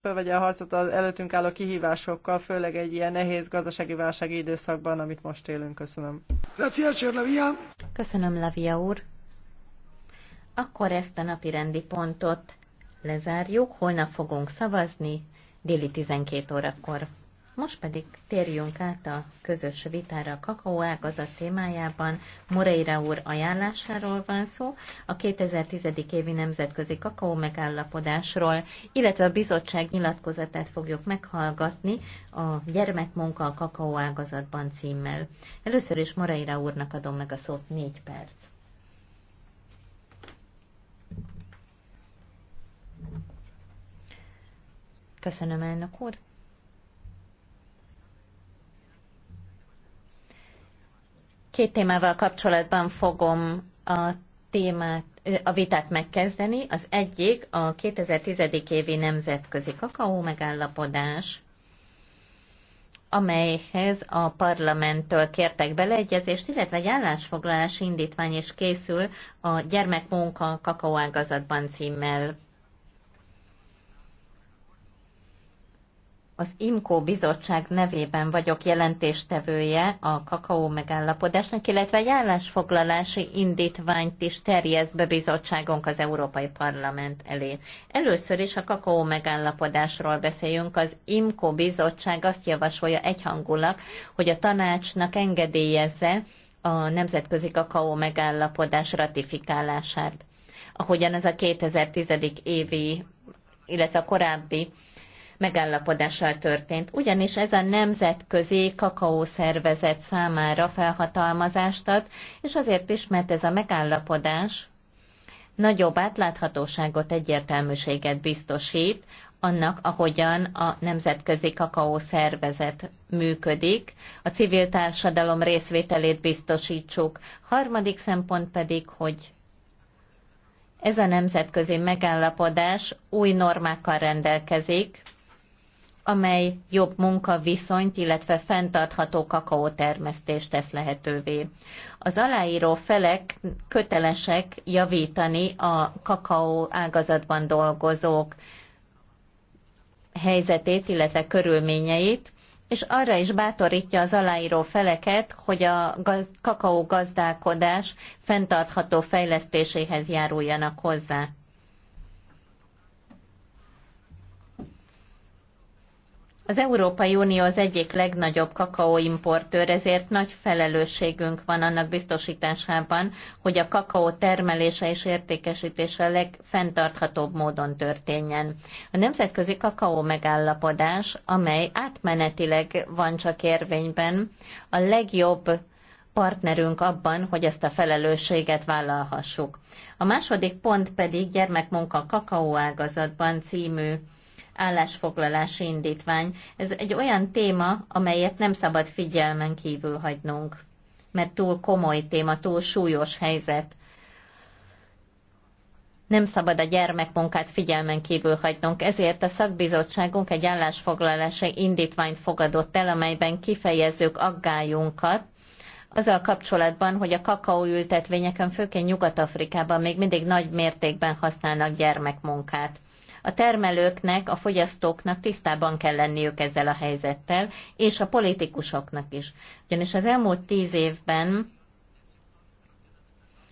fölvegye a harcot az előttünk álló kihívásokkal, főleg egy ilyen nehéz gazdasági válsági időszakban, amit most élünk. Köszönöm. Köszönöm, Lavia úr. Akkor ezt a napi rendi pontot lezárjuk. Holnap fogunk szavazni, déli 12 órakor. Most pedig térjünk át a közös vitára a kakaóágazat témájában. Moreira úr ajánlásáról van szó, a 2010. évi nemzetközi kakaó megállapodásról, illetve a bizottság nyilatkozatát fogjuk meghallgatni a gyermekmunka a kakaóágazatban címmel. Először is Moreira úrnak adom meg a szót négy perc. Köszönöm, elnök úr! Két témával kapcsolatban fogom a témát, a vitát megkezdeni. Az egyik a 2010. évi nemzetközi kakaó megállapodás, amelyhez a parlamenttől kértek beleegyezést, illetve egy állásfoglalás indítvány is készül a gyermekmunka kakaóágazatban címmel. Az IMCO bizottság nevében vagyok jelentéstevője a kakaó megállapodásnak, illetve egy állásfoglalási indítványt is terjesz be bizottságunk az Európai Parlament elé. Először is a kakaó megállapodásról beszéljünk. Az IMCO bizottság azt javasolja egyhangulak, hogy a tanácsnak engedélyezze a nemzetközi kakaó megállapodás ratifikálását. Ahogyan ez a 2010. évi, illetve a korábbi megállapodással történt. Ugyanis ez a nemzetközi kakaó szervezet számára felhatalmazást ad, és azért is, mert ez a megállapodás nagyobb átláthatóságot, egyértelműséget biztosít annak, ahogyan a Nemzetközi Kakaó Szervezet működik, a civil társadalom részvételét biztosítsuk. Harmadik szempont pedig, hogy ez a nemzetközi megállapodás új normákkal rendelkezik, amely jobb munkaviszonyt, illetve fenntartható kakaótermesztést tesz lehetővé. Az aláíró felek kötelesek javítani a kakaó ágazatban dolgozók helyzetét, illetve körülményeit, és arra is bátorítja az aláíró feleket, hogy a gaz- kakaó gazdálkodás fenntartható fejlesztéséhez járuljanak hozzá. Az Európai Unió az egyik legnagyobb kakaóimportőr, ezért nagy felelősségünk van annak biztosításában, hogy a kakaó termelése és értékesítése a legfenntarthatóbb módon történjen. A nemzetközi kakaó megállapodás, amely átmenetileg van csak érvényben, a legjobb partnerünk abban, hogy ezt a felelősséget vállalhassuk. A második pont pedig gyermekmunka kakaóágazatban című állásfoglalási indítvány. Ez egy olyan téma, amelyet nem szabad figyelmen kívül hagynunk, mert túl komoly téma, túl súlyos helyzet. Nem szabad a gyermekmunkát figyelmen kívül hagynunk, ezért a szakbizottságunk egy állásfoglalási indítványt fogadott el, amelyben kifejezzük aggályunkat, azzal kapcsolatban, hogy a kakaóültetvényeken, főként Nyugat-Afrikában még mindig nagy mértékben használnak gyermekmunkát. A termelőknek, a fogyasztóknak tisztában kell lenniük ezzel a helyzettel, és a politikusoknak is. Ugyanis az elmúlt tíz évben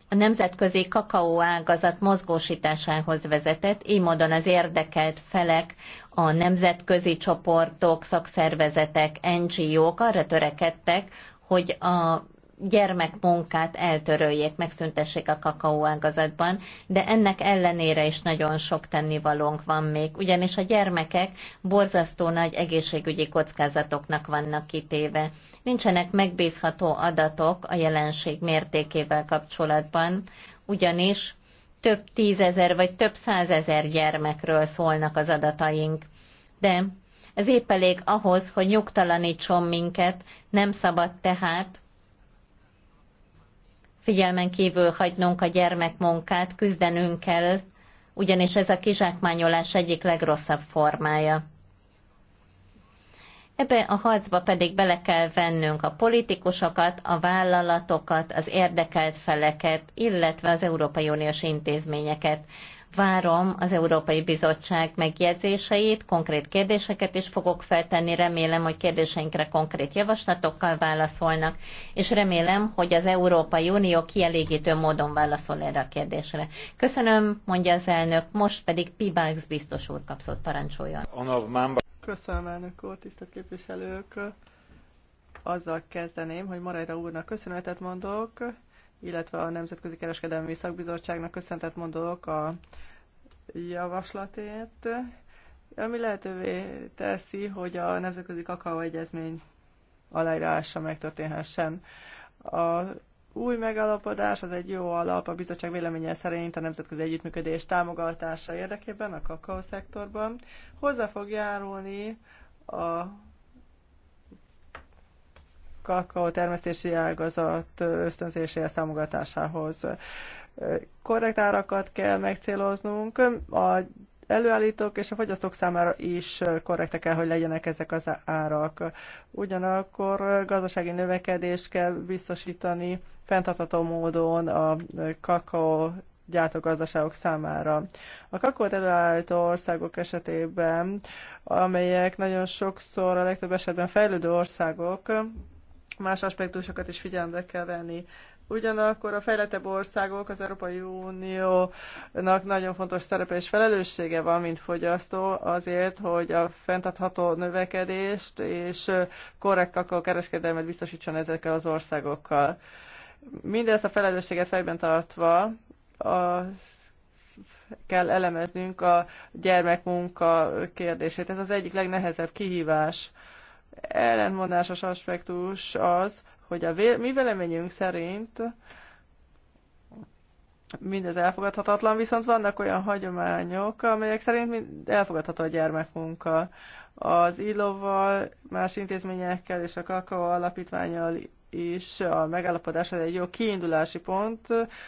a nemzetközi kakaóágazat mozgósításához vezetett, így módon az érdekelt felek, a nemzetközi csoportok, szakszervezetek, NGO-k arra törekedtek, hogy a gyermekmunkát eltöröljék, megszüntessék a kakaóágazatban, de ennek ellenére is nagyon sok tennivalónk van még, ugyanis a gyermekek borzasztó nagy egészségügyi kockázatoknak vannak kitéve. Nincsenek megbízható adatok a jelenség mértékével kapcsolatban, ugyanis több tízezer vagy több százezer gyermekről szólnak az adataink. De ez épp elég ahhoz, hogy nyugtalanítson minket, nem szabad tehát figyelmen kívül hagynunk a gyermekmunkát, küzdenünk kell, ugyanis ez a kizsákmányolás egyik legrosszabb formája. Ebbe a harcba pedig bele kell vennünk a politikusokat, a vállalatokat, az érdekelt feleket, illetve az Európai Uniós intézményeket. Várom az Európai Bizottság megjegyzéseit, konkrét kérdéseket is fogok feltenni, remélem, hogy kérdéseinkre konkrét javaslatokkal válaszolnak, és remélem, hogy az Európai Unió kielégítő módon válaszol erre a kérdésre. Köszönöm, mondja az elnök, most pedig Pibalx biztos úr kapszott parancsoljon. Köszönöm, elnök úr, tisztelt képviselők! Azzal kezdeném, hogy Marajra úrnak köszönetet mondok, illetve a Nemzetközi Kereskedelmi Szakbizottságnak köszöntet mondok a javaslatért, ami lehetővé teszi, hogy a Nemzetközi egyezmény aláírása megtörténhessen. A új megállapodás az egy jó alap a bizottság véleménye szerint a nemzetközi együttműködés támogatása érdekében a kakaó szektorban. Hozzá fog járulni a kakaó termesztési ágazat ösztönzéséhez, támogatásához. Korrekt árakat kell megcéloznunk, a előállítók és a fogyasztók számára is korrektek kell, hogy legyenek ezek az árak. Ugyanakkor gazdasági növekedést kell biztosítani fenntartható módon a kakao gyártógazdaságok számára. A kakaót előállító országok esetében, amelyek nagyon sokszor a legtöbb esetben fejlődő országok, más aspektusokat is figyelembe kell venni. Ugyanakkor a fejlettebb országok, az Európai Uniónak nagyon fontos szerepe és felelőssége van, mint fogyasztó, azért, hogy a fenntartható növekedést és korrekt kereskedelmet biztosítson ezekkel az országokkal. Mindezt a felelősséget fejben tartva a kell elemeznünk a gyermekmunka kérdését. Ez az egyik legnehezebb kihívás ellentmondásos aspektus az, hogy a vé- mi véleményünk szerint mindez elfogadhatatlan, viszont vannak olyan hagyományok, amelyek szerint elfogadható a gyermekmunka. Az illóval, más intézményekkel és a kakaó alapítványal is a megállapodás az egy jó kiindulási pont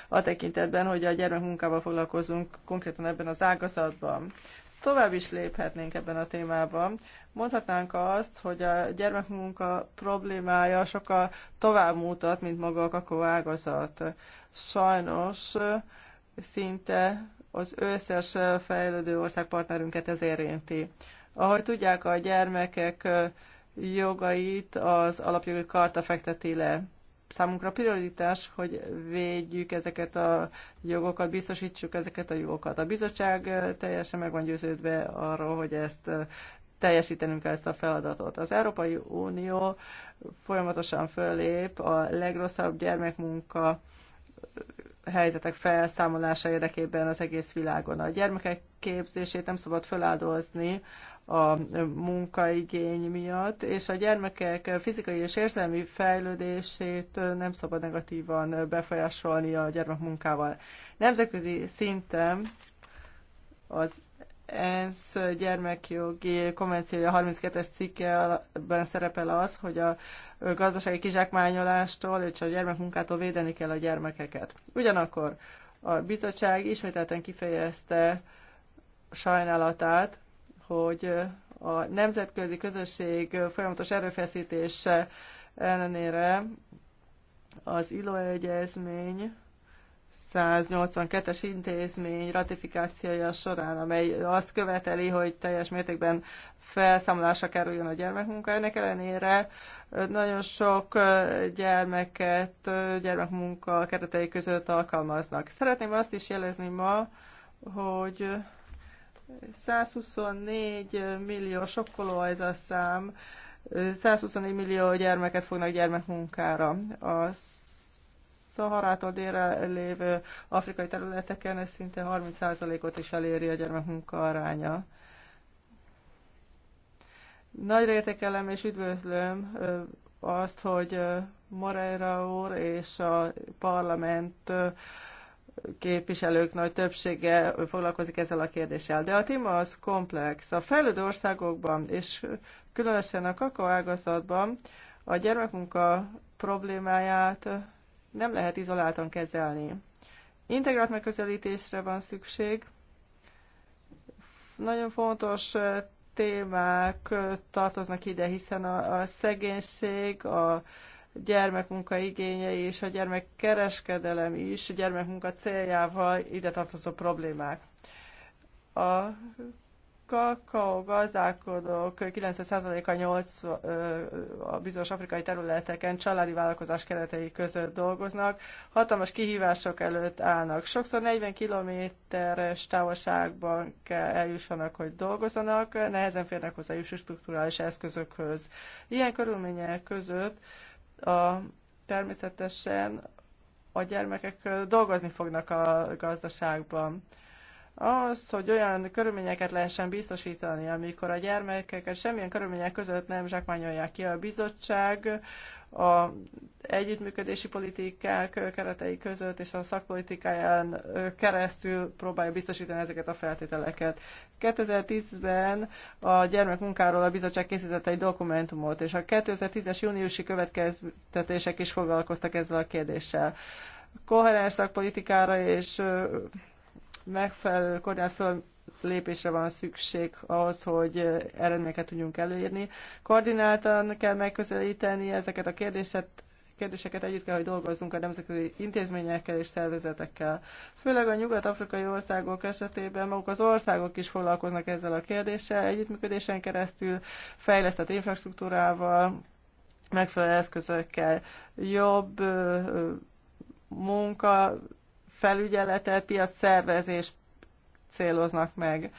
a tekintetben, hogy a gyermekmunkával foglalkozunk konkrétan ebben az ágazatban. Tovább is léphetnénk ebben a témában. Mondhatnánk azt, hogy a gyermekmunka problémája sokkal tovább mutat, mint maga a kakóágazat. Sajnos szinte az összes fejlődő ország partnerünket ez érinti. Ahogy tudják, a gyermekek jogait az alapjogi karta fekteti le számunkra prioritás, hogy védjük ezeket a jogokat, biztosítsuk ezeket a jogokat. A bizottság teljesen meg van győződve arról, hogy ezt teljesítenünk kell ezt a feladatot. Az Európai Unió folyamatosan fölép a legrosszabb gyermekmunka helyzetek felszámolása érdekében az egész világon. A gyermekek képzését nem szabad feláldozni a munkaigény miatt, és a gyermekek fizikai és érzelmi fejlődését nem szabad negatívan befolyásolni a munkával. Nemzetközi szinten az ENSZ gyermekjogi konvenciója 32-es cikkeben szerepel az, hogy a gazdasági kizsákmányolástól és a gyermekmunkától védeni kell a gyermekeket. Ugyanakkor a bizottság ismételten kifejezte sajnálatát, hogy a nemzetközi közösség folyamatos erőfeszítése ellenére az ILO egyezmény 182-es intézmény ratifikációja során, amely azt követeli, hogy teljes mértékben felszámolásra kerüljön a gyermekmunka. Ennek ellenére nagyon sok gyermeket gyermekmunka keretei között alkalmaznak. Szeretném azt is jelezni ma, hogy 124 millió, sokkoló ez a szám, 124 millió gyermeket fognak gyermekmunkára. A Szaharától délre lévő afrikai területeken ez szinte 30%-ot is eléri a gyermekmunka aránya. Nagyra értékelem és üdvözlöm azt, hogy Moreira úr és a parlament képviselők nagy többsége foglalkozik ezzel a kérdéssel. De a téma az komplex. A fejlődő országokban, és különösen a kakaóágazatban a gyermekmunka problémáját nem lehet izoláltan kezelni. Integrált megközelítésre van szükség. Nagyon fontos eh, témák eh, tartoznak ide, hiszen a, a szegénység, a gyermekmunka igényei és a gyermekkereskedelem is a gyermekmunka céljával ide tartozó problémák. A kakaó gazdálkodók 90%-a 8 a bizonyos afrikai területeken családi vállalkozás keretei között dolgoznak, hatalmas kihívások előtt állnak. Sokszor 40 kilométeres távolságban kell eljussanak, hogy dolgozzanak, nehezen férnek hozzá struktúrális eszközökhöz. Ilyen körülmények között a, természetesen a gyermekek dolgozni fognak a gazdaságban. Az, hogy olyan körülményeket lehessen biztosítani, amikor a gyermekeket semmilyen körülmények között nem zsákmányolják ki a bizottság, a együttműködési politikák keretei között és a szakpolitikáján keresztül próbálja biztosítani ezeket a feltételeket. 2010-ben a gyermekmunkáról a bizottság készített egy dokumentumot, és a 2010-es júniusi következtetések is foglalkoztak ezzel a kérdéssel. Koherens szakpolitikára és megfelelő koordinált lépésre van szükség ahhoz, hogy eredményeket tudjunk elérni. Koordináltan kell megközelíteni ezeket a kérdéseket, kérdéseket együtt kell, hogy dolgozzunk a nemzetközi intézményekkel és szervezetekkel. Főleg a nyugat-afrikai országok esetében maguk az országok is foglalkoznak ezzel a kérdéssel, együttműködésen keresztül, fejlesztett infrastruktúrával, megfelelő eszközökkel, jobb munka, felügyeletet, piac szervezés, céloznak meg.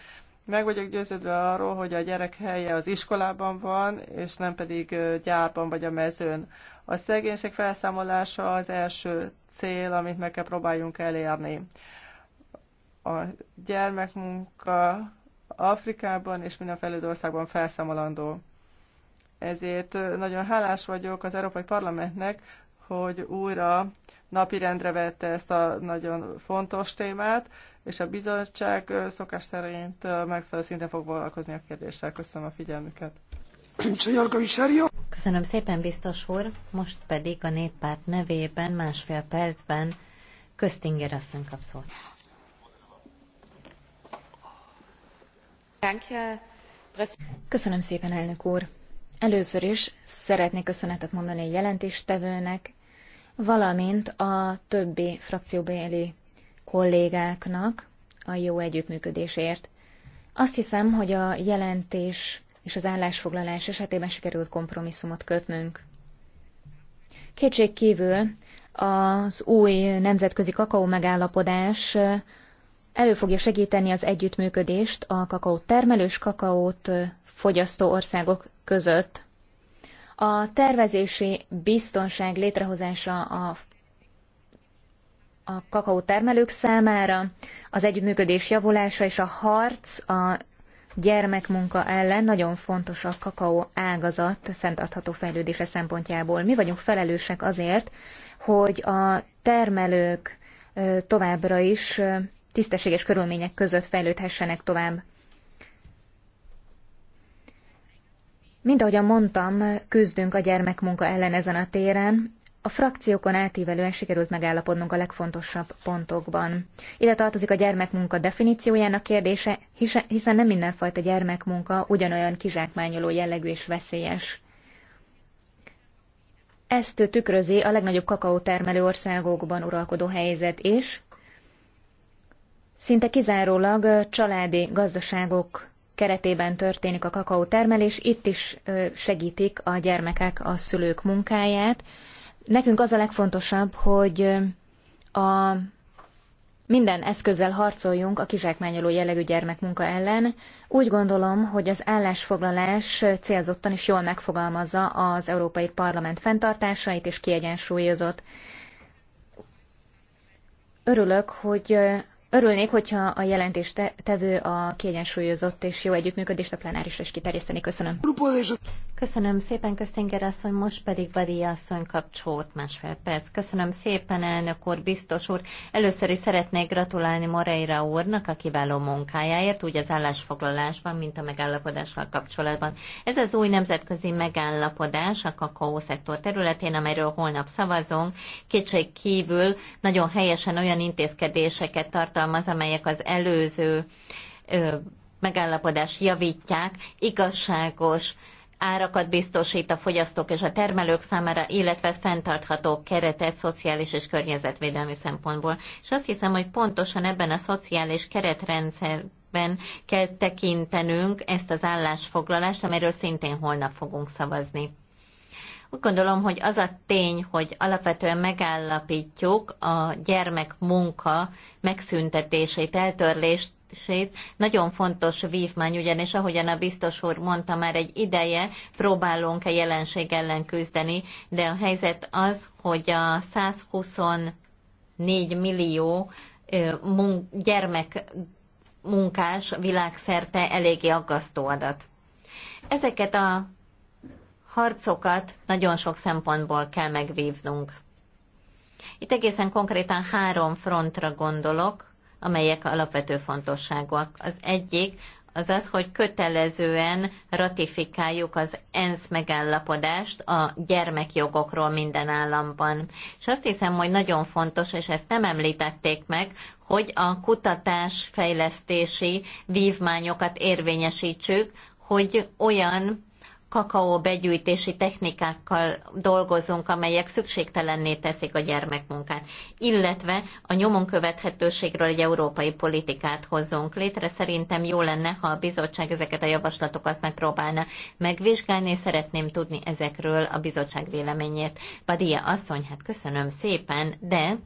Meg vagyok győződve arról, hogy a gyerek helye az iskolában van, és nem pedig gyárban vagy a mezőn. A szegénység felszámolása az első cél, amit meg kell próbáljunk elérni. A gyermekmunka Afrikában és minden fejlődő országban felszámolandó. Ezért nagyon hálás vagyok az Európai Parlamentnek, hogy újra napirendre vette ezt a nagyon fontos témát, és a bizottság szokás szerint megfelelő szinten fog foglalkozni a kérdéssel. Köszönöm a figyelmüket. Köszönöm szépen, biztos úr. Most pedig a néppárt nevében másfél percben Köztinger asszony kap szót. Köszönöm szépen, elnök úr. Először is szeretnék köszönetet mondani a jelentéstevőnek, valamint a többi frakcióbéli kollégáknak a jó együttműködésért. Azt hiszem, hogy a jelentés és az állásfoglalás esetében sikerült kompromisszumot kötnünk. Kétség kívül az új nemzetközi kakaó megállapodás elő fogja segíteni az együttműködést a kakaó termelős kakaót fogyasztó országok között. A tervezési biztonság létrehozása a, a kakaó termelők számára, az együttműködés javulása és a harc a gyermekmunka ellen nagyon fontos a kakaó ágazat fenntartható fejlődése szempontjából. Mi vagyunk felelősek azért, hogy a termelők továbbra is tisztességes körülmények között fejlődhessenek tovább. Mint ahogyan mondtam, küzdünk a gyermekmunka ellen ezen a téren, a frakciókon átívelően sikerült megállapodnunk a legfontosabb pontokban. Ide tartozik a gyermekmunka definíciójának kérdése, hiszen nem mindenfajta gyermekmunka ugyanolyan kizsákmányoló jellegű és veszélyes. Ezt tükrözi a legnagyobb kakaótermelő országokban uralkodó helyzet is. Szinte kizárólag családi gazdaságok keretében történik a kakaó termelés, itt is segítik a gyermekek a szülők munkáját. Nekünk az a legfontosabb, hogy a minden eszközzel harcoljunk a kizsákmányoló jellegű gyermekmunka ellen. Úgy gondolom, hogy az állásfoglalás célzottan is jól megfogalmazza az Európai Parlament fenntartásait és kiegyensúlyozott. Örülök, hogy Örülnék, hogyha a tevő a kiegyensúlyozott és jó együttműködést a plenárisra is kiterjeszteni. Köszönöm. Köszönöm szépen, Köztinger asszony, most pedig Badi asszony kapcsolt másfél perc. Köszönöm szépen, elnök úr, biztos úr. Először is szeretnék gratulálni Moreira úrnak a kiváló munkájáért, úgy az állásfoglalásban, mint a megállapodással kapcsolatban. Ez az új nemzetközi megállapodás a szektor területén, amelyről holnap szavazunk, kétség kívül nagyon helyesen olyan intézkedéseket tart tartalmaz, amelyek az előző megállapodás javítják, igazságos árakat biztosít a fogyasztók és a termelők számára, illetve fenntartható keretet szociális és környezetvédelmi szempontból. És azt hiszem, hogy pontosan ebben a szociális keretrendszerben kell tekintenünk ezt az állásfoglalást, amiről szintén holnap fogunk szavazni. Úgy gondolom, hogy az a tény, hogy alapvetően megállapítjuk a gyermek munka megszüntetését, eltörlést, Nagyon fontos vívmány, ugyanis ahogyan a biztos úr mondta már egy ideje, próbálunk a jelenség ellen küzdeni, de a helyzet az, hogy a 124 millió gyermek munkás világszerte eléggé aggasztó adat. Ezeket a harcokat nagyon sok szempontból kell megvívnunk. Itt egészen konkrétan három frontra gondolok, amelyek alapvető fontosságúak. Az egyik az az, hogy kötelezően ratifikáljuk az ENSZ megállapodást a gyermekjogokról minden államban. És azt hiszem, hogy nagyon fontos, és ezt nem említették meg, hogy a kutatás fejlesztési vívmányokat érvényesítsük, hogy olyan kakaó begyűjtési technikákkal dolgozunk, amelyek szükségtelenné teszik a gyermekmunkát, illetve a nyomon követhetőségről egy európai politikát hozzunk létre. Szerintem jó lenne, ha a bizottság ezeket a javaslatokat megpróbálna megvizsgálni, szeretném tudni ezekről a bizottság véleményét. Badia asszony, hát köszönöm szépen, de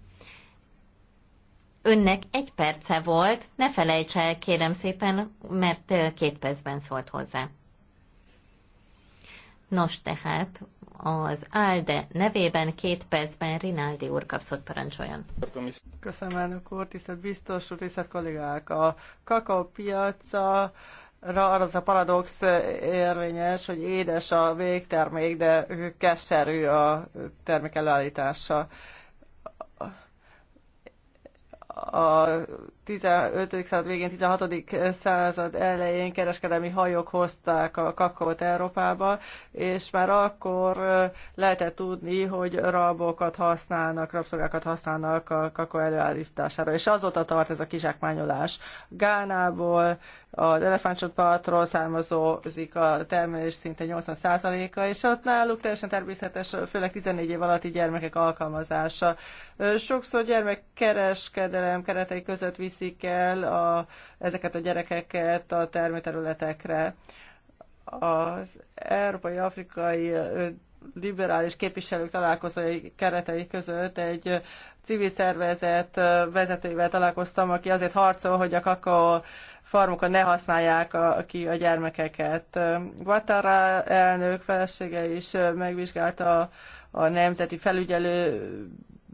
önnek egy perce volt, ne felejts el, kérem szépen, mert két percben szólt hozzá. Nos tehát az ALDE nevében két percben Rinaldi úr kapszott parancsoljon. Köszönöm elnök úr, tisztelt biztos úr, tisztelt kollégák. A kakaópiaca arra az a paradox érvényes, hogy édes a végtermék, de keserű a termék előállítása a 15. század végén, 16. század elején kereskedelmi hajók hozták a kakaót Európába, és már akkor lehetett tudni, hogy rabokat használnak, rabszolgákat használnak a kakaó előállítására, és azóta tart ez a kizsákmányolás. Gánából, az elefántcsontpartról származik a termelés szinte 80%-a, és ott náluk teljesen természetes, főleg 14 év alatti gyermekek alkalmazása. Sokszor gyermekkereskedelem keretei között viszik el a, ezeket a gyerekeket a termőterületekre. Az európai-afrikai liberális képviselők találkozói keretei között egy civil szervezet vezetőjével találkoztam, aki azért harcol, hogy a kakao farmokon ne használják a, ki a gyermekeket. Guattara elnök felesége is megvizsgálta a, a Nemzeti Felügyelő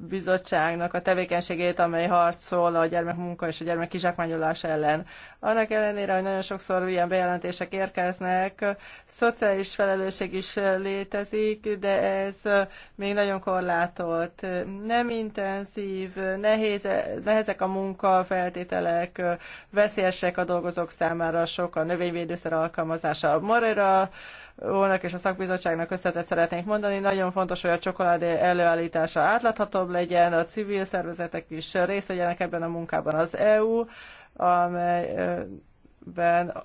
bizottságnak a tevékenységét, amely harcol a gyermekmunka és a gyermek kizsákmányolás ellen. Annak ellenére, hogy nagyon sokszor ilyen bejelentések érkeznek, szociális felelősség is létezik, de ez még nagyon korlátolt. Nem intenzív, nehéz, nehezek a munkafeltételek, veszélyesek a dolgozók számára sok a növényvédőszer alkalmazása. Morera úrnak és a szakbizottságnak összetett szeretnénk mondani. Nagyon fontos, hogy a csokoládé előállítása átláthatóbb legyen, a civil szervezetek is részt vegyenek ebben a munkában az EU, amelyben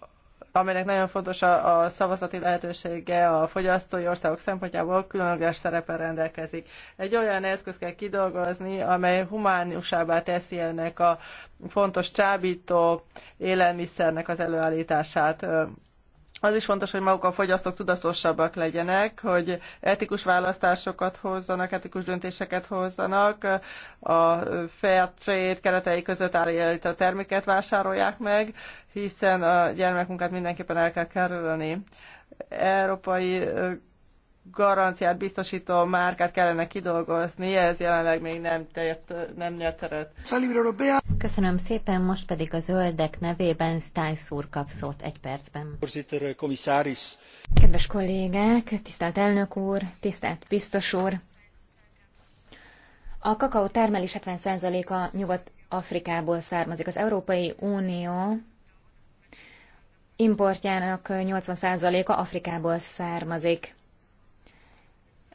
amelynek nagyon fontos a, a szavazati lehetősége a fogyasztói országok szempontjából különleges szerepe rendelkezik. Egy olyan eszköz kell kidolgozni, amely humánusábbá teszi ennek a fontos csábító élelmiszernek az előállítását. Az is fontos, hogy maguk a fogyasztók tudatosabbak legyenek, hogy etikus választásokat hozzanak, etikus döntéseket hozzanak, a fair trade keretei között állít a terméket vásárolják meg, hiszen a gyermekmunkát mindenképpen el kell kerülni. Európai garanciát biztosító márkát kellene kidolgozni, ez jelenleg még nem, tért, nem nyert teret. Köszönöm szépen, most pedig a zöldek nevében Stiles úr kap szót egy percben. Eh, Kedves kollégák, tisztelt elnök úr, tisztelt biztos úr! A kakaó termelés 70%-a Nyugat-Afrikából származik. Az Európai Unió importjának 80%-a Afrikából származik.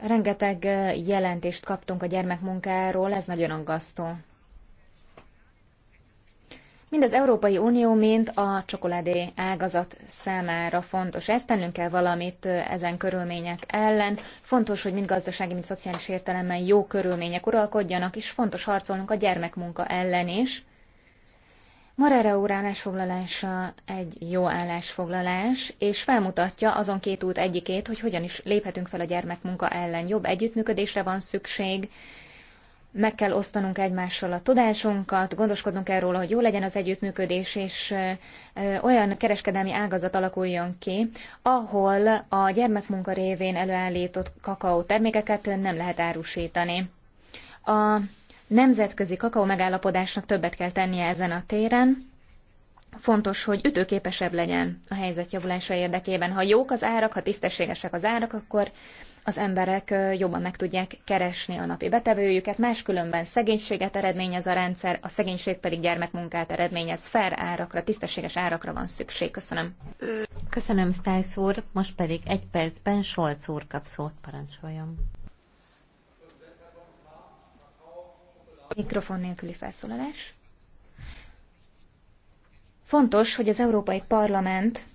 Rengeteg jelentést kaptunk a gyermekmunkáról, ez nagyon aggasztó. Mind az Európai Unió, mint a csokoládé ágazat számára fontos. Ezt tennünk kell valamit ezen körülmények ellen. Fontos, hogy mind gazdasági, mind szociális értelemben jó körülmények uralkodjanak, és fontos harcolnunk a gyermekmunka ellen is. Marere úr állásfoglalása egy jó állásfoglalás, és felmutatja azon két út egyikét, hogy hogyan is léphetünk fel a gyermekmunka ellen. Jobb együttműködésre van szükség, meg kell osztanunk egymással a tudásunkat, gondoskodnunk kell róla, hogy jó legyen az együttműködés, és olyan kereskedelmi ágazat alakuljon ki, ahol a gyermekmunka révén előállított kakaó termékeket nem lehet árusítani. A nemzetközi kakaó megállapodásnak többet kell tennie ezen a téren. Fontos, hogy ütőképesebb legyen a helyzet javulása érdekében. Ha jók az árak, ha tisztességesek az árak, akkor az emberek jobban meg tudják keresni a napi betevőjüket, máskülönben szegénységet eredményez a rendszer, a szegénység pedig gyermekmunkát eredményez, fair árakra, tisztességes árakra van szükség. Köszönöm. Köszönöm, Stájsz úr. Most pedig egy percben Solc úr kap szót, parancsoljon. Mikrofon nélküli felszólalás. Fontos, hogy az Európai Parlament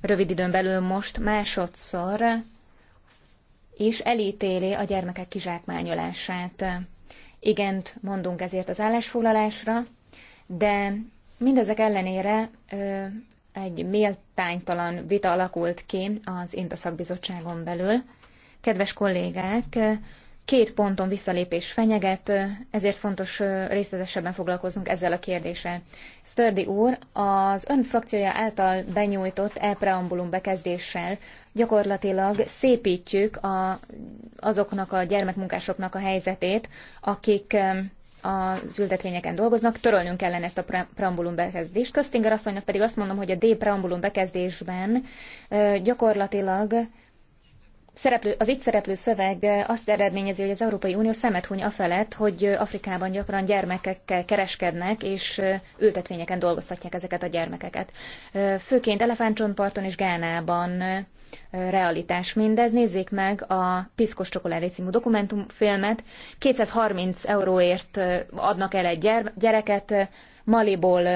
rövid időn belül most másodszor és elítéli a gyermekek kizsákmányolását. Igent mondunk ezért az állásfoglalásra, de mindezek ellenére egy méltánytalan vita alakult ki az Inta szakbizottságon belül. Kedves kollégák, két ponton visszalépés fenyeget, ezért fontos részletesebben foglalkoznunk ezzel a kérdéssel. Sturdy úr, az ön frakciója által benyújtott e-preambulum bekezdéssel gyakorlatilag szépítjük a, azoknak a gyermekmunkásoknak a helyzetét, akik az ültetvényeken dolgoznak, törölnünk kellene ezt a preambulum bekezdést. Köztinger asszonynak pedig azt mondom, hogy a D preambulum bekezdésben gyakorlatilag szereplő, az itt szereplő szöveg azt eredményezi, hogy az Európai Unió szemet huny afelett, hogy Afrikában gyakran gyermekekkel kereskednek, és ültetvényeken dolgoztatják ezeket a gyermekeket. Főként Elefántcsontparton és Gánában realitás mindez. Nézzék meg a Piszkos Csokoládé című dokumentumfilmet. 230 euróért adnak el egy gyereket, Maliból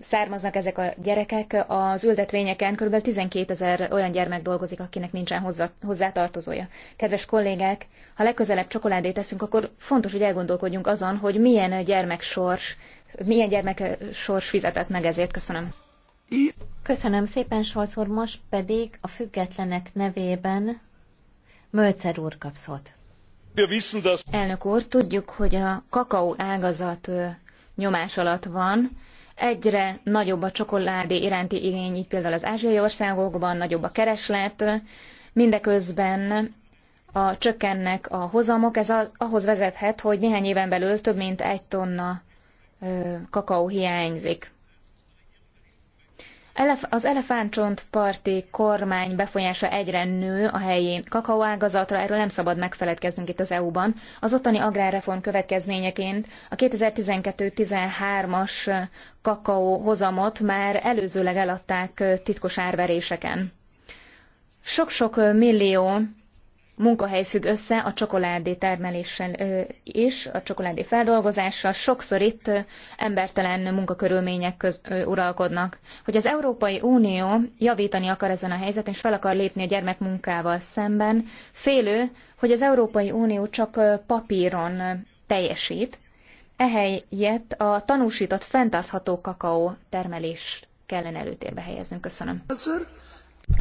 származnak ezek a gyerekek, az ültetvényeken kb. 12 ezer olyan gyermek dolgozik, akinek nincsen hozzá, hozzátartozója. Kedves kollégák, ha legközelebb csokoládét teszünk, akkor fontos, hogy elgondolkodjunk azon, hogy milyen gyermek sors, milyen gyermek sors fizetett meg ezért. Köszönöm. Köszönöm szépen, Solszor, most pedig a függetlenek nevében Mölcer úr kapszott. Elnök úr, tudjuk, hogy a kakaó ágazat nyomás alatt van, Egyre nagyobb a csokoládé iránti igény, így például az ázsiai országokban nagyobb a kereslet, mindeközben a, csökkennek a hozamok, ez a, ahhoz vezethet, hogy néhány éven belül több mint egy tonna ö, kakaó hiányzik. Elef- az parti kormány befolyása egyre nő a helyi kakaóágazatra, erről nem szabad megfeledkeznünk itt az EU-ban. Az ottani agrárreform következményeként a 2012-13-as kakaó hozamot már előzőleg eladták titkos árveréseken. Sok-sok millió munkahely függ össze a csokoládé termeléssel és a csokoládé feldolgozással. Sokszor itt embertelen munkakörülmények köz, uralkodnak. Hogy az Európai Unió javítani akar ezen a helyzeten, és fel akar lépni a gyermekmunkával szemben, félő, hogy az Európai Unió csak papíron teljesít, ehelyett a tanúsított fenntartható kakaó termelés kellene előtérbe helyeznünk. Köszönöm.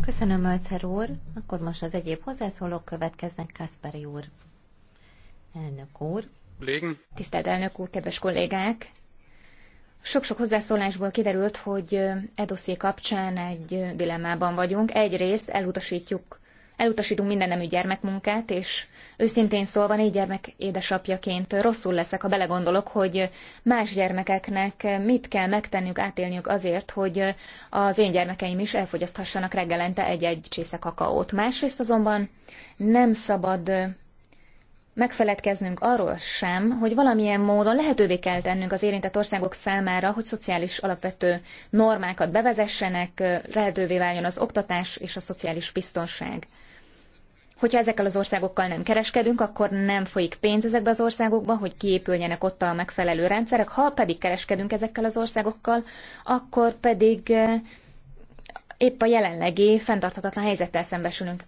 Köszönöm, Ölcer úr. Akkor most az egyéb hozzászólók következnek, Kasperi úr. Elnök úr. Légen. Tisztelt elnök úr, kedves kollégák! Sok-sok hozzászólásból kiderült, hogy e kapcsán egy dilemmában vagyunk. Egyrészt elutasítjuk elutasítunk minden nemű gyermekmunkát, és őszintén szólva négy gyermek édesapjaként rosszul leszek, ha belegondolok, hogy más gyermekeknek mit kell megtenniük, átélniük azért, hogy az én gyermekeim is elfogyaszthassanak reggelente egy-egy csésze kakaót. Másrészt azonban nem szabad megfeledkeznünk arról sem, hogy valamilyen módon lehetővé kell tennünk az érintett országok számára, hogy szociális alapvető normákat bevezessenek, lehetővé váljon az oktatás és a szociális biztonság hogyha ezekkel az országokkal nem kereskedünk, akkor nem folyik pénz ezekbe az országokba, hogy kiépüljenek ott a megfelelő rendszerek. Ha pedig kereskedünk ezekkel az országokkal, akkor pedig eh, épp a jelenlegi fenntarthatatlan helyzettel szembesülünk.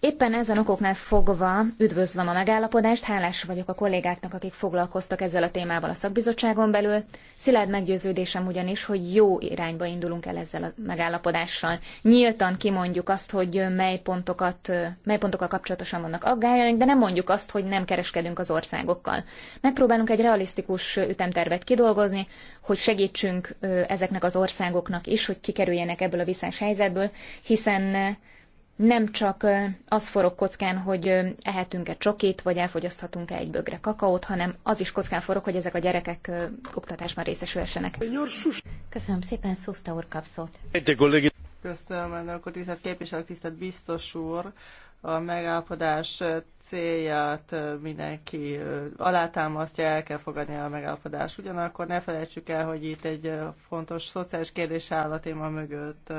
Éppen ezen okoknál fogva üdvözlöm a megállapodást, hálás vagyok a kollégáknak, akik foglalkoztak ezzel a témával a szakbizottságon belül. Szilárd meggyőződésem ugyanis, hogy jó irányba indulunk el ezzel a megállapodással. Nyíltan kimondjuk azt, hogy mely, pontokat, mely pontokkal kapcsolatosan vannak aggájaink, de nem mondjuk azt, hogy nem kereskedünk az országokkal. Megpróbálunk egy realisztikus ütemtervet kidolgozni, hogy segítsünk ezeknek az országoknak is, hogy kikerüljenek ebből a viszás helyzetből, hiszen nem csak az forog kockán, hogy ehetünk-e csokit, vagy elfogyaszthatunk-e egy bögre kakaót, hanem az is kockán forog, hogy ezek a gyerekek oktatásban részesülhessenek. Köszönöm szépen, Szuszta úr kapszót. Köszönöm, elnök úr, tisztelt képviselő, tisztelt biztos úr. A megállapodás célját mindenki alátámasztja, el kell fogadni a megállapodás. Ugyanakkor ne felejtsük el, hogy itt egy fontos szociális kérdés áll a téma mögött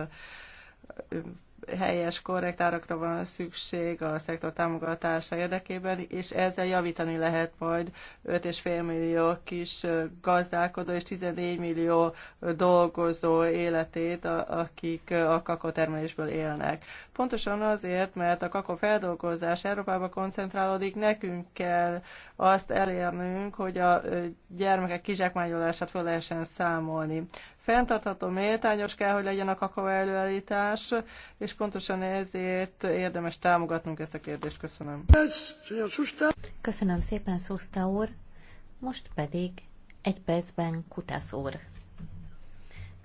helyes, korrekt árakra van szükség a szektor támogatása érdekében, és ezzel javítani lehet majd 5,5 millió kis gazdálkodó és 14 millió dolgozó életét, akik a kakotermelésből élnek. Pontosan azért, mert a kakó feldolgozás Európába koncentrálódik, nekünk kell azt elérnünk, hogy a gyermekek kizsákmányolását fel lehessen számolni fenntartható, méltányos kell, hogy legyen a kakao előállítás, és pontosan ezért érdemes támogatnunk ezt a kérdést. Köszönöm. Köszönöm szépen, Szuszta úr. Most pedig egy percben kutász úr.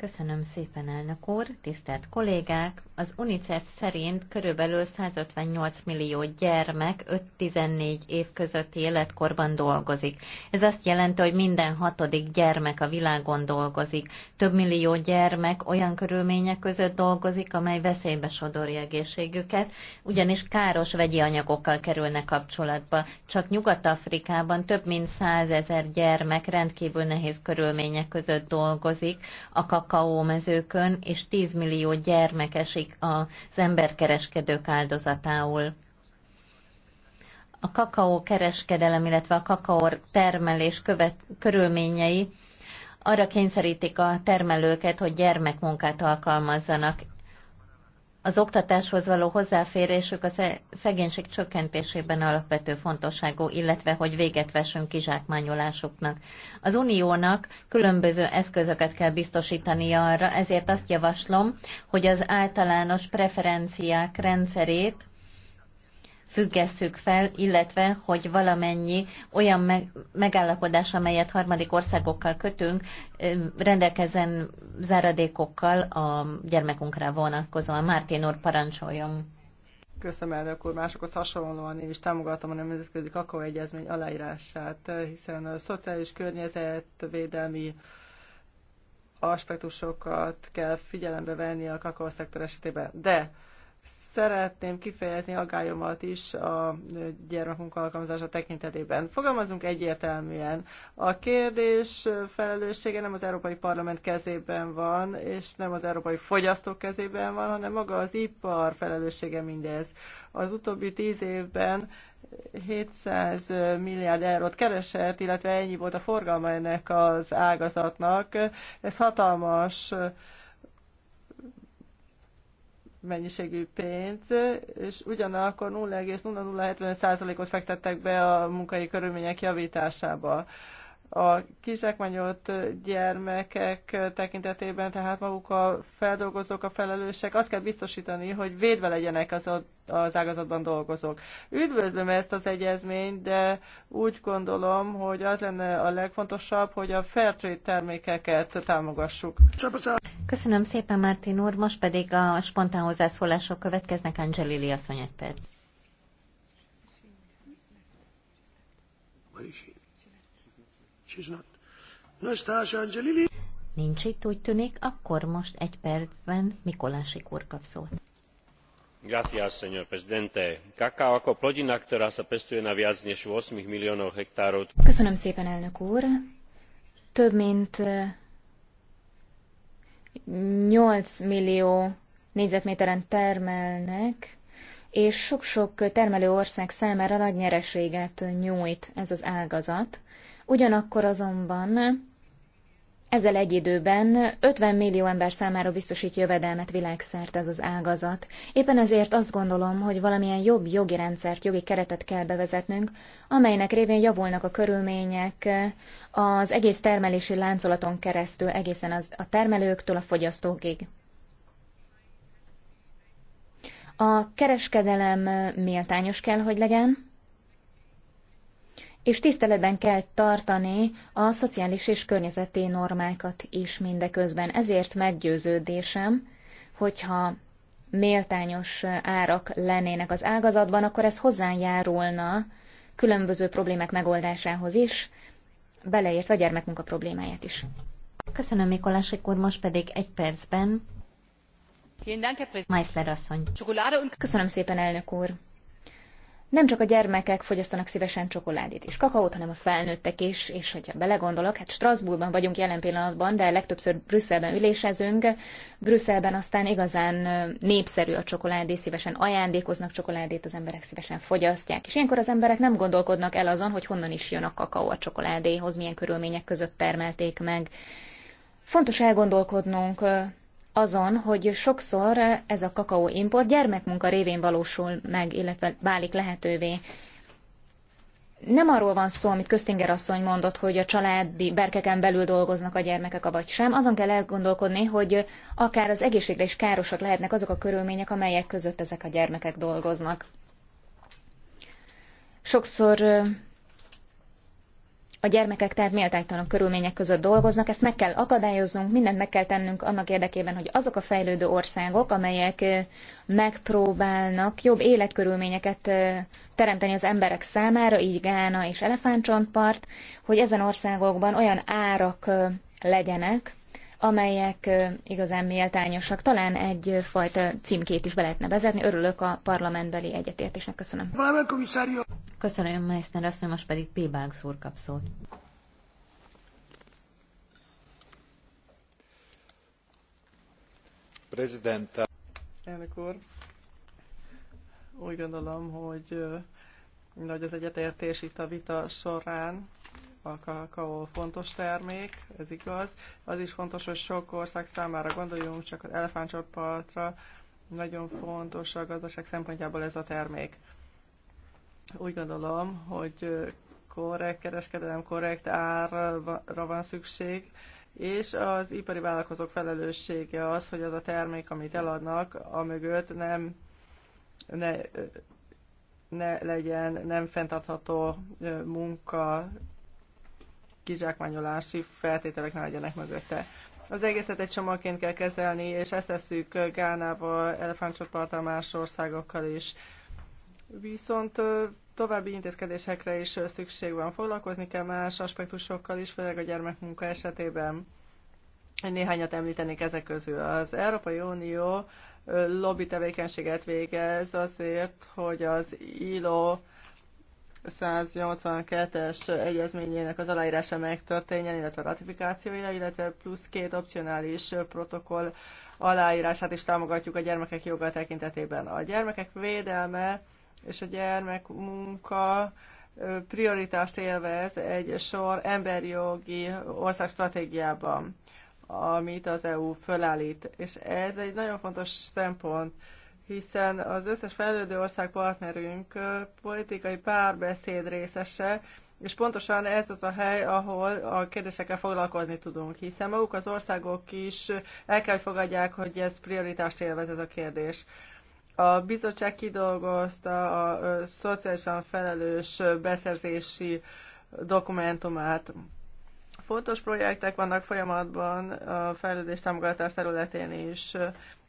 Köszönöm szépen, elnök úr, tisztelt kollégák! Az UNICEF szerint körülbelül 158 millió gyermek 5-14 év közötti életkorban dolgozik. Ez azt jelenti, hogy minden hatodik gyermek a világon dolgozik. Több millió gyermek olyan körülmények között dolgozik, amely veszélybe sodorja egészségüket, ugyanis káros vegyi anyagokkal kerülnek kapcsolatba. Csak Nyugat-Afrikában több mint 100 ezer gyermek rendkívül nehéz körülmények között dolgozik. A kakaómezőkön, és 10 millió gyermek esik az emberkereskedők áldozatául. A kakaó kereskedelem, illetve a kakaó termelés követ, körülményei arra kényszerítik a termelőket, hogy gyermekmunkát alkalmazzanak az oktatáshoz való hozzáférésük a szegénység csökkentésében alapvető fontosságú, illetve hogy véget vessünk kizsákmányolásuknak. Az uniónak különböző eszközöket kell biztosítani arra, ezért azt javaslom, hogy az általános preferenciák rendszerét függesszük fel, illetve hogy valamennyi olyan meg, megállapodás, amelyet harmadik országokkal kötünk, rendelkezzen záradékokkal a gyermekünkre vonatkozóan. Mártin úr, parancsoljon! Köszönöm, elnök úr. Másokhoz hasonlóan én is támogatom a Nemzetközi Kakaóegyezmény aláírását, hiszen a szociális környezetvédelmi aspektusokat kell figyelembe venni a kakaószektor esetében. De szeretném kifejezni agályomat is a gyermekünk alkalmazása tekintetében. Fogalmazunk egyértelműen. A kérdés felelőssége nem az Európai Parlament kezében van, és nem az európai fogyasztók kezében van, hanem maga az ipar felelőssége mindez. Az utóbbi tíz évben 700 milliárd eurót keresett, illetve ennyi volt a forgalma ennek az ágazatnak. Ez hatalmas mennyiségű pénz, és ugyanakkor 0,0075%-ot fektettek be a munkai körülmények javításába. A kizsákmányolt gyermekek tekintetében, tehát maguk a feldolgozók, a felelősek, azt kell biztosítani, hogy védve legyenek az, a, az ágazatban dolgozók. Üdvözlöm ezt az egyezményt, de úgy gondolom, hogy az lenne a legfontosabb, hogy a Fairtrade termékeket támogassuk. Köszönöm szépen, Mártin úr. Most pedig a spontán hozzászólások következnek. Angelili asszony egy perc. Nincs itt, úgy tűnik, akkor most egy percben Mikolásik úr kap szót. Gracias, señor presidente. Kakao ako plodina, ktorá sa pestuje na viac než 8 miliónov hektárov. Köszönöm szépen, elnök úr. Több mint 8 millió négyzetméteren termelnek, és sok-sok termelő ország számára nagy nyereséget nyújt ez az ágazat. Ugyanakkor azonban ezzel egy időben 50 millió ember számára biztosít jövedelmet világszerte ez az ágazat. Éppen ezért azt gondolom, hogy valamilyen jobb jogi rendszert, jogi keretet kell bevezetnünk, amelynek révén javulnak a körülmények az egész termelési láncolaton keresztül, egészen az, a termelőktől a fogyasztókig. A kereskedelem méltányos kell, hogy legyen, és tiszteletben kell tartani a szociális és környezeti normákat is mindeközben. Ezért meggyőződésem, hogyha méltányos árak lennének az ágazatban, akkor ez hozzájárulna különböző problémák megoldásához is, beleértve a gyermekmunka problémáját is. Köszönöm, Mikolás, akkor most pedig egy percben. Meissner asszony. Köszönöm szépen, elnök úr nem csak a gyermekek fogyasztanak szívesen csokoládét és kakaót, hanem a felnőttek is, és hogyha belegondolok, hát Strasbourgban vagyunk jelen pillanatban, de legtöbbször Brüsszelben ülésezünk. Brüsszelben aztán igazán népszerű a csokoládé, szívesen ajándékoznak csokoládét, az emberek szívesen fogyasztják. És ilyenkor az emberek nem gondolkodnak el azon, hogy honnan is jön a kakaó a csokoládéhoz, milyen körülmények között termelték meg. Fontos elgondolkodnunk azon, hogy sokszor ez a kakaó import gyermekmunka révén valósul meg, illetve válik lehetővé. Nem arról van szó, amit Köztinger asszony mondott, hogy a családi berkeken belül dolgoznak a gyermekek, vagy sem. Azon kell elgondolkodni, hogy akár az egészségre is károsak lehetnek azok a körülmények, amelyek között ezek a gyermekek dolgoznak. Sokszor a gyermekek tehát méltánytalan körülmények között dolgoznak, ezt meg kell akadályoznunk, mindent meg kell tennünk annak érdekében, hogy azok a fejlődő országok, amelyek megpróbálnak jobb életkörülményeket teremteni az emberek számára, így Gána és Elefántcsontpart, hogy ezen országokban olyan árak legyenek, amelyek igazán méltányosak. Talán egyfajta címkét is be lehetne vezetni. Örülök a parlamentbeli egyetértésnek. Köszönöm. Köszönöm, Meissner, azt most pedig P. Bánks úr kap szót. Prezidenta. Elnök úr, úgy gondolom, hogy nagy az egyetértés itt a vita során, a kakaó fontos termék, ez igaz. Az is fontos, hogy sok ország számára gondoljunk, csak az elefántcsoportra nagyon fontos a gazdaság szempontjából ez a termék. Úgy gondolom, hogy korrekt kereskedelem, korrekt árra van szükség, és az ipari vállalkozók felelőssége az, hogy az a termék, amit eladnak, a mögött nem ne, ne legyen nem fenntartható munka kizsákmányolási feltételek ne legyenek mögötte. Az egészet egy csomagként kell kezelni, és ezt tesszük Gánával, elefántcsoporttal, más országokkal is. Viszont további intézkedésekre is szükség van. Foglalkozni kell más aspektusokkal is, főleg a gyermekmunka esetében. Néhányat említenék ezek közül. Az Európai Unió lobby tevékenységet végez azért, hogy az ILO 182-es egyezményének az aláírása megtörténjen, illetve ratifikációja, illetve plusz két opcionális protokoll aláírását is támogatjuk a gyermekek joga tekintetében. A gyermekek védelme és a gyermek munka prioritást élvez egy sor emberjogi stratégiában, amit az EU fölállít. És ez egy nagyon fontos szempont hiszen az összes fejlődő ország partnerünk politikai párbeszéd részese, és pontosan ez az a hely, ahol a kérdésekkel foglalkozni tudunk, hiszen maguk az országok is el kell, hogy fogadják, hogy ez prioritást élvez ez a kérdés. A bizottság kidolgozta a szociálisan felelős beszerzési dokumentumát. Fontos projektek vannak folyamatban a fejlődés támogatás területén is.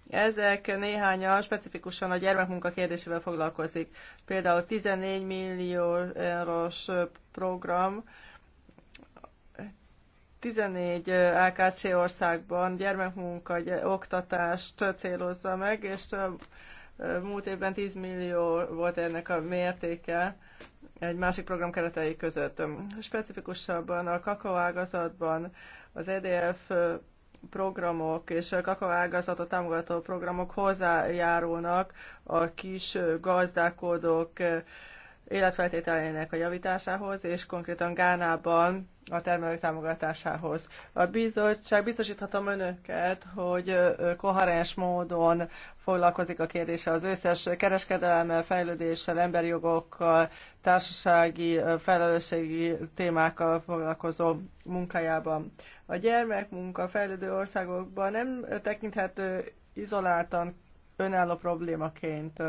Ezek néhányan specifikusan a gyermekmunka kérdésével foglalkozik. Például 14 millió eurós program, 14 AKC országban gyermekmunka, oktatást célozza meg, és múlt évben 10 millió volt ennek a mértéke egy másik program keretei között. Specifikusabban a kakaóágazatban az EDF programok és a kakaoágazatot támogató programok hozzájárulnak a kis gazdálkodók életfeltételeinek a javításához, és konkrétan Gánában a termelők támogatásához. A bizottság biztosíthatom önöket, hogy koherens módon foglalkozik a kérdése az összes kereskedelemmel, fejlődéssel, emberi jogokkal, társasági, felelősségi témákkal foglalkozó munkájában. A gyermekmunka fejlődő országokban nem tekinthető izoláltan önálló problémaként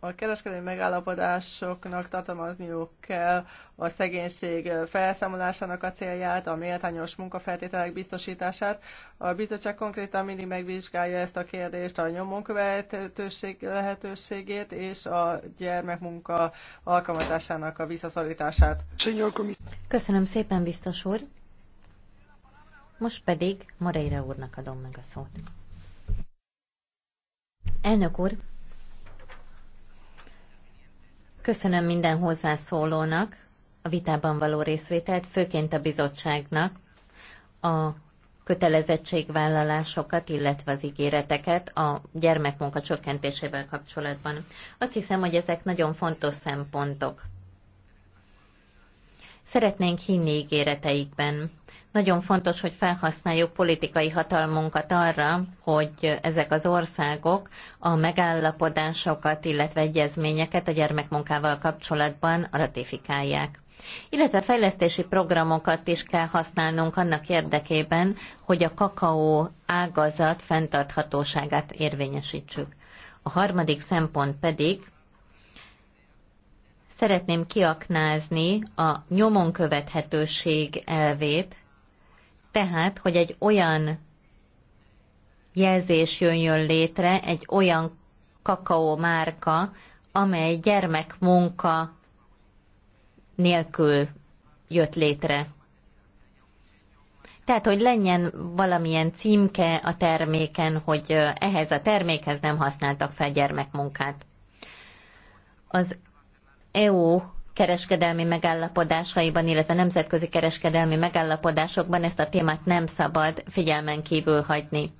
a kereskedelmi megállapodásoknak tartalmazniuk kell a szegénység felszámolásának a célját, a méltányos munkafeltételek biztosítását. A bizottság konkrétan mindig megvizsgálja ezt a kérdést, a nyomonkövetőség lehetőségét és a gyermekmunka alkalmazásának a visszaszorítását. Köszönöm szépen, biztos úr! Most pedig Mareira úrnak adom meg a szót. Elnök úr, Köszönöm minden hozzászólónak a vitában való részvételt, főként a bizottságnak a kötelezettségvállalásokat, illetve az ígéreteket a gyermekmunka csökkentésével kapcsolatban. Azt hiszem, hogy ezek nagyon fontos szempontok. Szeretnénk hinni ígéreteikben, nagyon fontos, hogy felhasználjuk politikai hatalmunkat arra, hogy ezek az országok a megállapodásokat, illetve egyezményeket a gyermekmunkával kapcsolatban ratifikálják illetve fejlesztési programokat is kell használnunk annak érdekében, hogy a kakaó ágazat fenntarthatóságát érvényesítsük. A harmadik szempont pedig szeretném kiaknázni a nyomon követhetőség elvét, tehát, hogy egy olyan jelzés jönjön létre, egy olyan kakaó márka, amely gyermekmunka nélkül jött létre. Tehát, hogy legyen valamilyen címke a terméken, hogy ehhez a termékhez nem használtak fel gyermekmunkát. Az EU kereskedelmi megállapodásaiban, illetve nemzetközi kereskedelmi megállapodásokban ezt a témát nem szabad figyelmen kívül hagyni.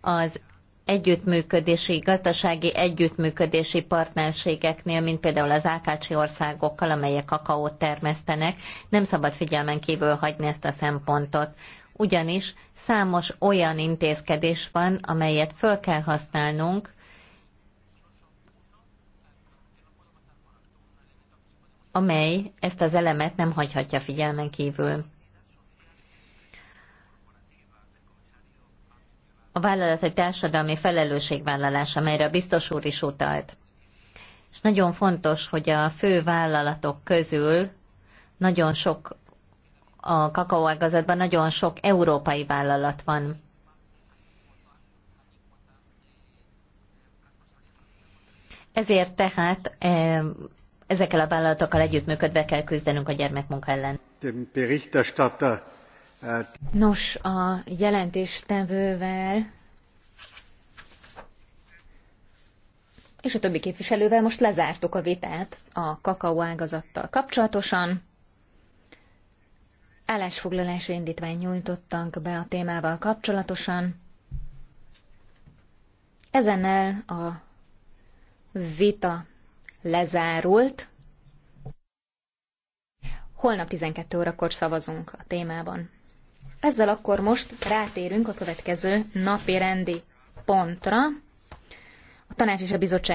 Az együttműködési, gazdasági együttműködési partnerségeknél, mint például az Ákácsi országokkal, amelyek kakaót termesztenek, nem szabad figyelmen kívül hagyni ezt a szempontot. Ugyanis számos olyan intézkedés van, amelyet föl kell használnunk, amely ezt az elemet nem hagyhatja figyelmen kívül. A vállalat egy társadalmi felelősségvállalás, amelyre a biztos úr is utalt. És nagyon fontos, hogy a fő vállalatok közül nagyon sok a kakaóágazatban nagyon sok európai vállalat van. Ezért tehát ezekkel a vállalatokkal együttműködve kell küzdenünk a gyermekmunka ellen. Uh, Nos, a jelentéstevővel és a többi képviselővel most lezártuk a vitát a kakaóágazattal kapcsolatosan. Állásfoglalási indítvány nyújtottak be a témával kapcsolatosan. Ezennel a vita lezárult. Holnap 12 órakor szavazunk a témában. Ezzel akkor most rátérünk a következő napi rendi pontra. A tanács és a bizottság